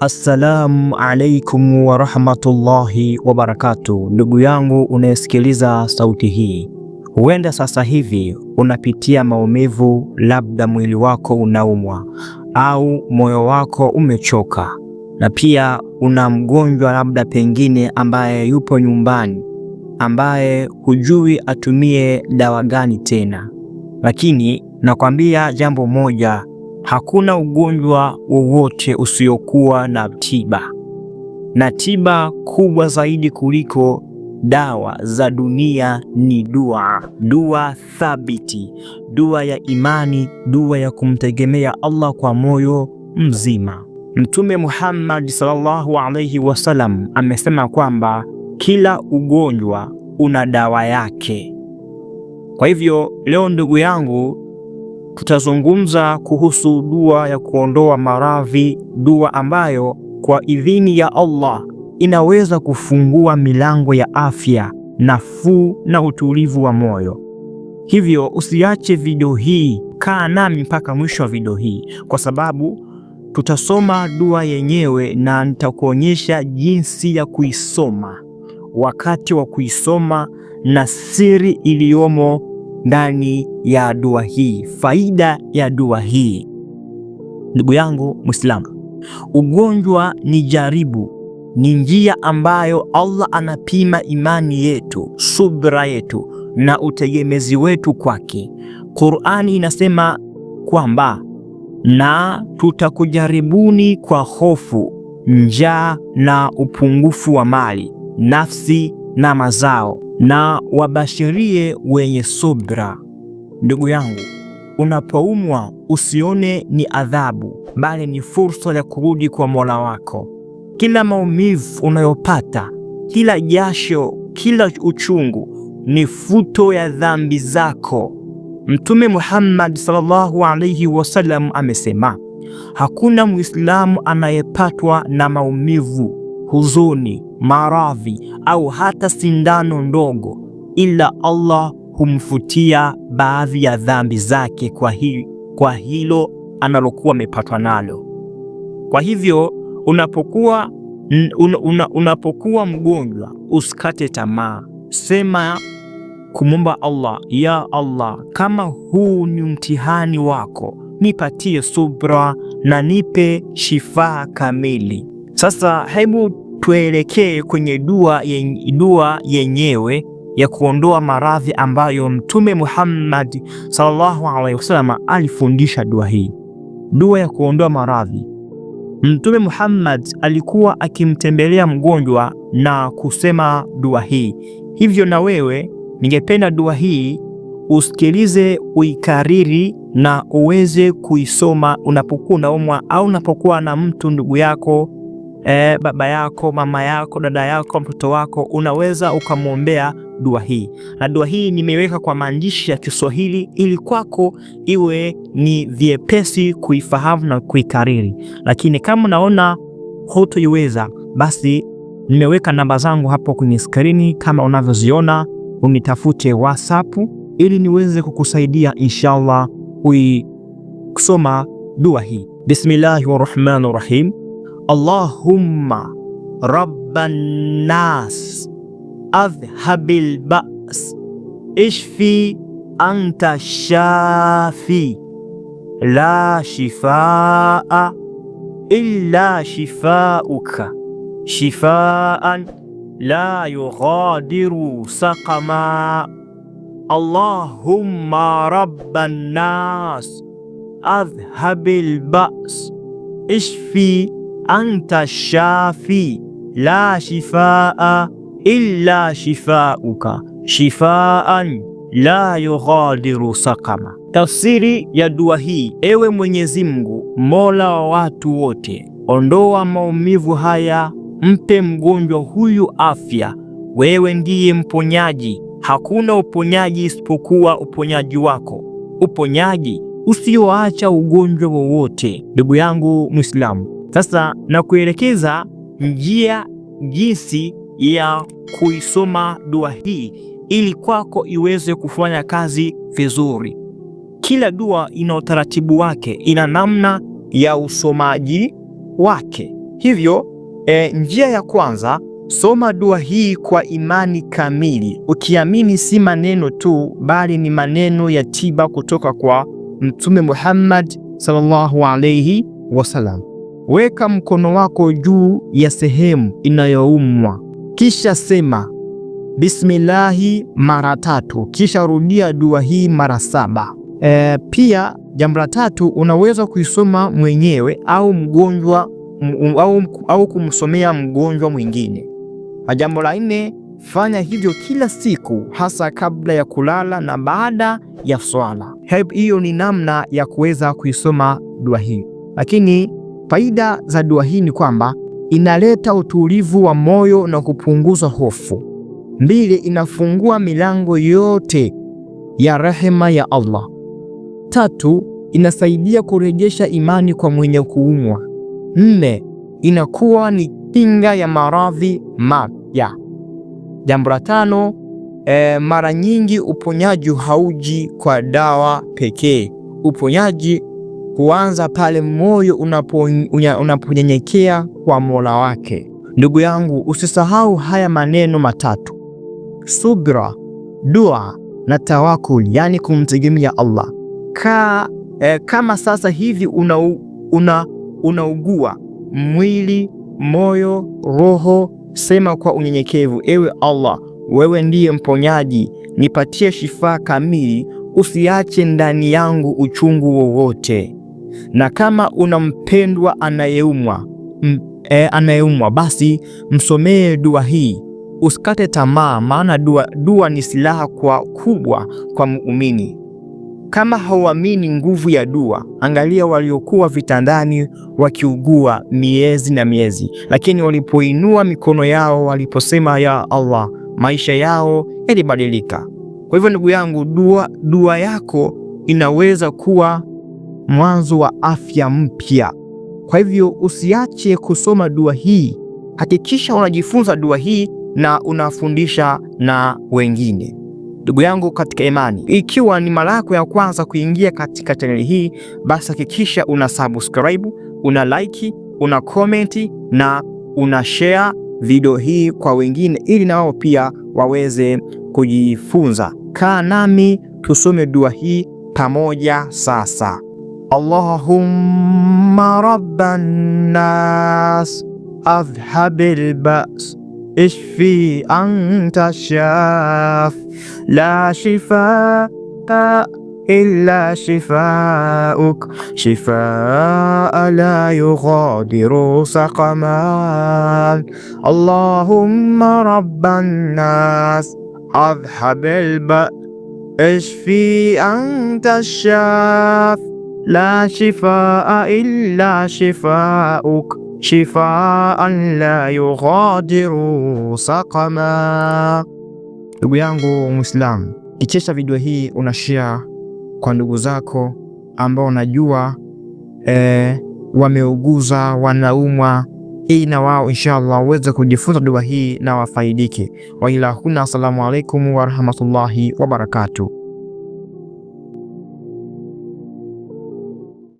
Assalamu alaikum warahmatullahi wabarakatu. Ndugu yangu unayesikiliza sauti hii, huenda sasa hivi unapitia maumivu, labda mwili wako unaumwa au moyo wako umechoka, na pia una mgonjwa labda pengine ambaye yupo nyumbani, ambaye hujui atumie dawa gani tena, lakini nakwambia jambo moja Hakuna ugonjwa wowote usiokuwa na tiba, na tiba kubwa zaidi kuliko dawa za dunia ni dua, dua thabiti, dua ya imani, dua ya kumtegemea Allah kwa moyo mzima. Mtume Muhammad sallallahu alayhi wasallam amesema kwamba kila ugonjwa una dawa yake. Kwa hivyo leo, ndugu yangu tutazungumza kuhusu dua ya kuondoa maradhi, dua ambayo kwa idhini ya Allah inaweza kufungua milango ya afya, nafuu na utulivu wa moyo. Hivyo usiache video hii, kaa nami mpaka mwisho wa video hii, kwa sababu tutasoma dua yenyewe na nitakuonyesha jinsi ya kuisoma, wakati wa kuisoma na siri iliyomo ndani ya dua hii, faida ya dua hii. Ndugu yangu Muislamu, ugonjwa ni jaribu, ni njia ambayo Allah anapima imani yetu, subra yetu na utegemezi wetu kwake. Qur'ani inasema kwamba na tutakujaribuni kwa hofu, njaa na upungufu wa mali, nafsi na mazao na wabashirie wenye subra. Ndugu yangu, unapoumwa usione ni adhabu, bali ni fursa ya kurudi kwa Mola wako. Kila maumivu unayopata, kila jasho, kila uchungu ni futo ya dhambi zako. Mtume Muhammad sallallahu alayhi wasallam amesema, hakuna Muislamu anayepatwa na maumivu huzuni, maradhi au hata sindano ndogo, ila Allah humfutia baadhi ya dhambi zake kwa, hi, kwa hilo analokuwa amepatwa nalo. Kwa hivyo unapokuwa, un, unapokuwa mgonjwa usikate tamaa, sema kumwomba Allah, ya Allah, kama huu ni mtihani wako, nipatie subra na nipe shifaa kamili. Sasa hebu tuelekee kwenye dua yenye, dua yenyewe ya kuondoa maradhi ambayo Mtume Muhammad sallallahu alaihi wasallam alifundisha dua hii, dua ya kuondoa maradhi. Mtume Muhammad alikuwa akimtembelea mgonjwa na kusema dua hii. Hivyo na wewe, ningependa dua hii usikilize, uikariri na uweze kuisoma unapokuwa unaumwa au unapokuwa na mtu ndugu yako e, baba yako, mama yako, dada yako, mtoto wako, unaweza ukamwombea dua hii, na dua hii nimeiweka kwa maandishi ya Kiswahili ili kwako iwe ni vyepesi kuifahamu na kuikariri. Lakini kama unaona hutoiweza, basi nimeweka namba zangu hapo kwenye skrini kama unavyoziona, unitafute WhatsApp ili niweze kukusaidia inshallah kuisoma dua hii. Bismillahi rahmani rahim اللهم رب الناس اذهب الباس اشفي انت الشافي لا شفاء الا شفاؤك شفاء لا يغادر سقما اللهم رب الناس اذهب الباس اشفي anta shafi la shifaa illa shifauka shifaan la yughadiru sakama. Tafsiri ya dua hii: Ewe Mwenyezi Mungu, mola wa watu wote, ondoa maumivu haya, mpe mgonjwa huyu afya. Wewe ndiye mponyaji, hakuna uponyaji isipokuwa uponyaji wako, uponyaji usioacha ugonjwa wowote. Ndugu yangu Muislamu, sasa na kuelekeza njia jinsi ya kuisoma dua hii ili kwako iweze kufanya kazi vizuri. Kila dua ina utaratibu wake, ina namna ya usomaji wake. Hivyo e, njia ya kwanza, soma dua hii kwa imani kamili, ukiamini si maneno tu, bali ni maneno ya tiba kutoka kwa Mtume Muhammad sallallahu alayhi wasallam. Weka mkono wako juu ya sehemu inayoumwa, kisha sema bismillahi mara tatu, kisha rudia dua hii mara saba. E, pia jambo la tatu unaweza kuisoma mwenyewe au mgonjwa au, au kumsomea mgonjwa mwingine. Na jambo la nne, fanya hivyo kila siku, hasa kabla ya kulala na baada ya swala. Hiyo ni namna ya kuweza kuisoma dua hii, lakini Faida za dua hii ni kwamba inaleta utulivu wa moyo na kupunguza hofu. Mbili, inafungua milango yote ya rehema ya Allah. Tatu, inasaidia kurejesha imani kwa mwenye kuumwa. Nne, inakuwa ni kinga ya maradhi mapya. Jambo la tano, e, mara nyingi uponyaji hauji kwa dawa pekee. Uponyaji huanza pale moyo unaponyenyekea kwa Mola wake. Ndugu yangu, usisahau haya maneno matatu: subra, dua na tawakul, yani kumtegemea Allah. Ka, eh, kama sasa hivi unaugua una, unaugua mwili, moyo, roho, sema kwa unyenyekevu: ewe Allah, wewe ndiye mponyaji, nipatie shifaa kamili, usiache ndani yangu uchungu wowote na kama una mpendwa anayeumwa e, anayeumwa basi msomee dua hii, usikate tamaa, maana dua, dua ni silaha kwa kubwa kwa muumini. Kama hauamini nguvu ya dua, angalia waliokuwa vitandani wakiugua miezi na miezi, lakini walipoinua mikono yao, waliposema ya Allah, maisha yao yalibadilika. Kwa hivyo ndugu yangu, dua, dua yako inaweza kuwa mwanzo wa afya mpya. Kwa hivyo usiache kusoma dua hii, hakikisha unajifunza dua hii na unafundisha na wengine. Ndugu yangu katika imani, ikiwa ni mara yako ya kwanza kuingia katika chaneli hii, basi hakikisha una subscribe, una like, una comment na una share video hii kwa wengine, ili na wao pia waweze kujifunza. Kaa nami tusome dua hii pamoja sasa. اللهم رب الناس أذهب البأس اشفي أنت الشاف لا شفاء إلا شفاءك شفاء لا يغادر سقما اللهم رب الناس أذهب البأس اشفي أنت الشاف la shifaa illa shifauk shifaan la yughadiru saqama. Ndugu yangu Muislam, kichesha video hii unashia kwa ndugu zako ambao unajua eh, wameuguza wanaumwa, ili na wao inshallah waweze kujifunza dua hii na wafaidike. ila huna. Assalamu alaikum warahmatullahi wabarakatuh.